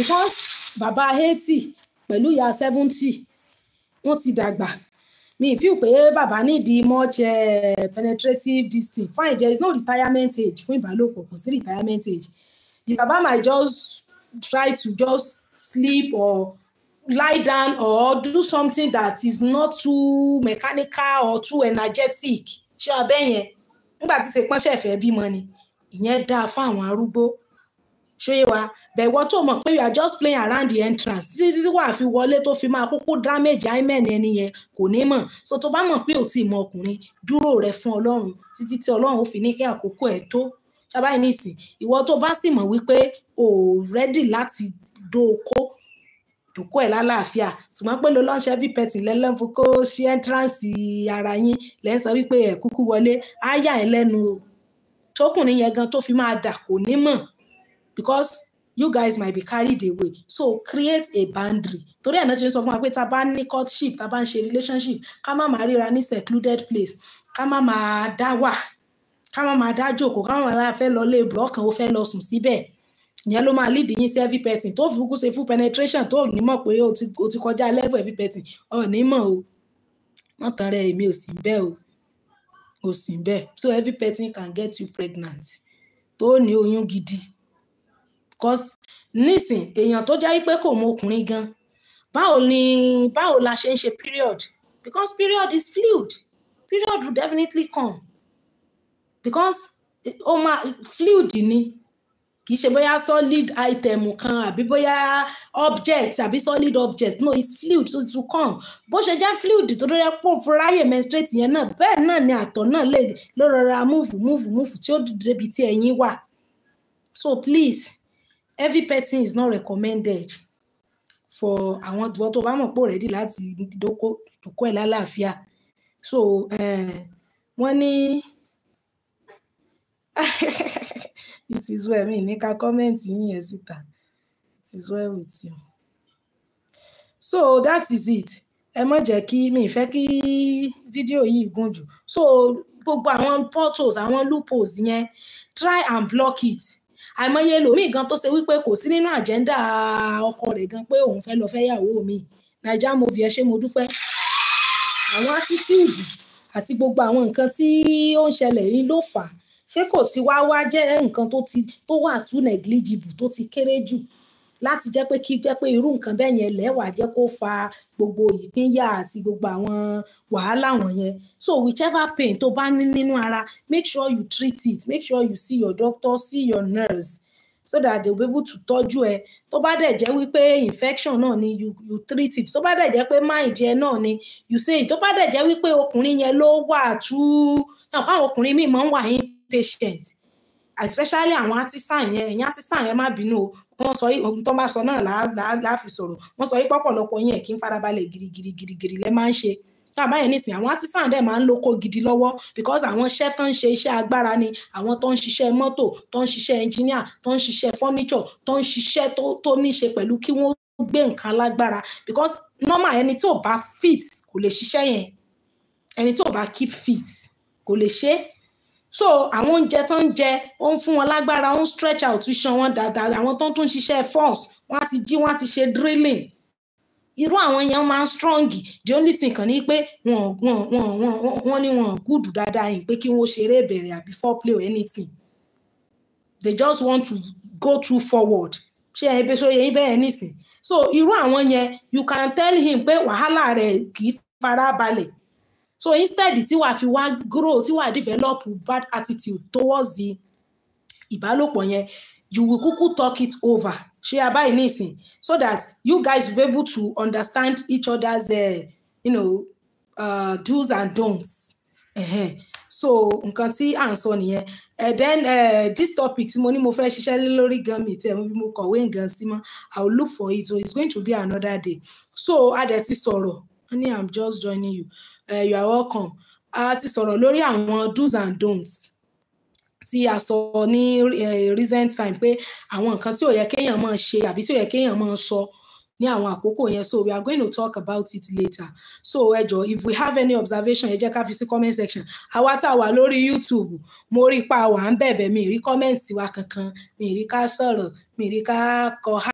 because bàbá eighty pẹ̀lú ìyá seventy wọ́n ti dàgbà mi feel pé bàbá nídìí much uh, penetrative this thing fine there is no retirement age fún ìbálòpọ̀ kò sí retirement age the baba might just try to just sleep or lie down or do something that is not too mechanical or too energetic ṣé ọbẹ̀ yẹn nígbà tí ṣe pọ́nṣẹ́ fẹ́ bímọ ni ìyẹn dáa fún àwọn arúgbó ṣóyè wa bẹ̀wọ̀ tó mọ̀ pé you are just playing around the entrance títí tí wàá fi wọlé tó fi máa kókó damage hymen ẹni yẹn kò ní mọ̀ so tó bá mọ̀ pé ò tí ì mọ ọkùnrin dúró rẹ fún ọlọ́run títí tí ọlọ́run ó fi ní kí àkókò ẹ̀ tó ṣàbáyé nìsín ìwọ tó bá sì mọ̀ wípé ò rẹ́dì láti dóokó dòkó ẹ̀ lálàáfíà ṣùgbọ́n pé ló lọ́nṣẹ́ heavy petting lẹ́lẹ́fu kó ṣí ẹ́ńtíráǹsì ara yín lẹ́yìn sọ wípé ẹ̀ kúkú wọlé á yà ẹ́ lẹ́nu o tókùnrin yẹn gan tó fi máa dà kò ní mọ̀ because you guys might be carried away so create a boundary torí ẹ̀ náà ṣe ń sọ fún wa pé ta bá ní courtship ta ń ṣe relationship ká má máa ríra ní secluded place ká má máa dá wà ká má máa dá jòkó ká má máa lára fẹ́ lọ lé búlọ́ọ̀kan ó fẹ́ lọ sùn síbẹ̀ ìyẹn ló máa lead yín sí heavy petting tó fi kú ṣe full penetration tó ní mọ̀ pé o ti kọjá level heavy petting ọ̀ ní mọ̀ o wọ́n tán rẹ̀ èmi ò sí bẹ́ẹ̀ o ò sí bẹ́ẹ̀ so heavy petting can get you pregnant tó ní oyún gidi cause nísìn èèyàn tó jẹ́ pé kò mọ ọkùnrin gan báwo ni báwo la ṣe ń ṣe period because period is fluid period will definitely come because ó máa fluid ni kì í ṣe bóyá solid item kan àbí bóyá object àbí solid object no it's fluid so it will come bó ṣe jẹ́ fluid tó lóyẹ pò fúráyè menstruate yẹn náà bẹ́ẹ̀ náà ni àtọ̀ náà lè ló rọra move move move tí ó dìde ibi tí ẹ̀yin wà so please heavy petting is not recommended for àwọn ìwọ tó bá mọ̀ pé ready láti dóko dóko ẹ̀ lálàáfíà so eh, wọ́n ní it is well mi ní ká kọ́mẹ́ǹtì yín yẹn síta it is well with you so that is it ẹ má jẹ́ kí mi fẹ́ kí fídíò yìí gùn jù so gbogbo àwọn portals àwọn loopholes yẹn try and block it àìmọye ẹlòmíì gan tó ṣe wípé kò sí nínú àjẹ́ndà ọkọ rẹ̀ gan pé òun fẹ́ lọ fẹ́ yàwó mi naija movie ẹ ṣé mo dúpẹ́ àwọn attitude àti gbogbo àwọn nǹkan tí ó ń ṣẹlẹ̀ yìí ló fà á ṣé kò sí wá wá jẹ́ nǹkan tó wà too negligible tó ti kéré jù láti jẹ́ pé kí jẹ́ pé irú nǹkan bẹ́ẹ̀ yẹn lẹ́wà jẹ́ kó fa gbogbo ìpínyà àti gbogbo àwọn wàhálà wọ̀nyẹn so whichever pain tó bá ní nínú ara make sure you treat it make sure you see your doctor see your nurse so that they will be able to tọ́jú ẹ tó bá dẹ̀ jẹ́ wípé infection náà ni you you treat it tó bá dẹ̀ jẹ́ pé mind yẹn náà ni you say it tó bá dẹ̀ jẹ́ wípé ọkùnrin yẹn ló wà tú àwọn ọkùnrin míì máa ń wà impatient especially àwọn artisan yẹn ẹ̀yin artisan yẹn má bínú o wọ́n sọ yìí ohun tó bá sọ náà láàfi sọ̀rọ̀ wọ́n sọ yìí pọ̀pọ̀lọpọ̀ yẹn kí n farabalẹ̀ girigiri girigiri lẹ́ máa ń ṣe káàbá yẹn nísìn àwọn artisan dẹ̀ máa ń lóko gidi lọ́wọ́ because àwọn iṣẹ́ tó ń ṣe iṣẹ́ agbára ni àwọn tó ń ṣiṣẹ́ mọ́tò tó ń ṣiṣẹ́ engineer tó ń ṣiṣẹ́ furniture tó ń ṣiṣẹ́ tó ní ṣe pẹ̀lú kí wọ́n gbé nǹkan lágbára because normal ẹni tí ò bá fit kò lè ṣiṣẹ́ yẹn ẹni tí ò bá keep fit kò lè ṣe so àwọn oúnjẹ tó ń jẹ ó ń fún wọn lágbára ó ń stretch out iṣan wọn dáadáa àwọn tó ń tún ṣiṣẹ́ force wọ́n á ti jí wọ́n á ti ṣe drilling irú àwọn yẹn máa ń strong the only thing kan ni pé wọ́n wọ́n wọ́n wọ́n wọ́n ní wọ́n good dáadáa yìí pé kí wọ́n ṣeré ìbẹ̀rẹ̀ àbí foreplay or anything they just want to go through forward ṣe ẹbí ṣóyè yín bẹ́ẹ̀ nísìn so irú àwọn yẹn you can tell him pé wàhálà rẹ̀ kì í fara balẹ̀ so instead tí wàá fi wá grow tí wàá develop bad attitude towards the ìbálòpọ̀ yẹn you will kuku talk it over ṣe abáyé nísìn so that you guys will be able to understand each other's uh, you know, uh, do's and don'ts. Uh-huh. so nǹkan tí à ń sọ nìyẹn and eh, then uh, this topic tí mo ní mo fẹ́ ṣiṣẹ́ lé lórí gan mi tẹ̀ mo bí mo kọ̀wé nǹkan sí mọ́ i will look for it so it's going to be another day so a dẹ̀ ti sọ̀rọ̀ wọ́n ní i'm just joining you uh, you are welcome a ti sọ̀rọ̀ lórí àwọn do's and don'ts tí a sọ ní eh, recent time pé àwọn nǹkan tí ò yẹ kéèyàn máa ṣe àbí tí ò yẹ kéèyàn máa sọ ní àwọn àkókò yẹn so we are going to talk about it later so ẹ if we have any observation ẹ jẹ́ ká fi sí comment section àwa tá a wà lórí YouTube mo rí pa wà ń bẹ̀bẹ̀ mi rí kọ́mẹ́ǹtì wa kankan mi rí ká sọ̀rọ̀ mi rí ká kọ ha.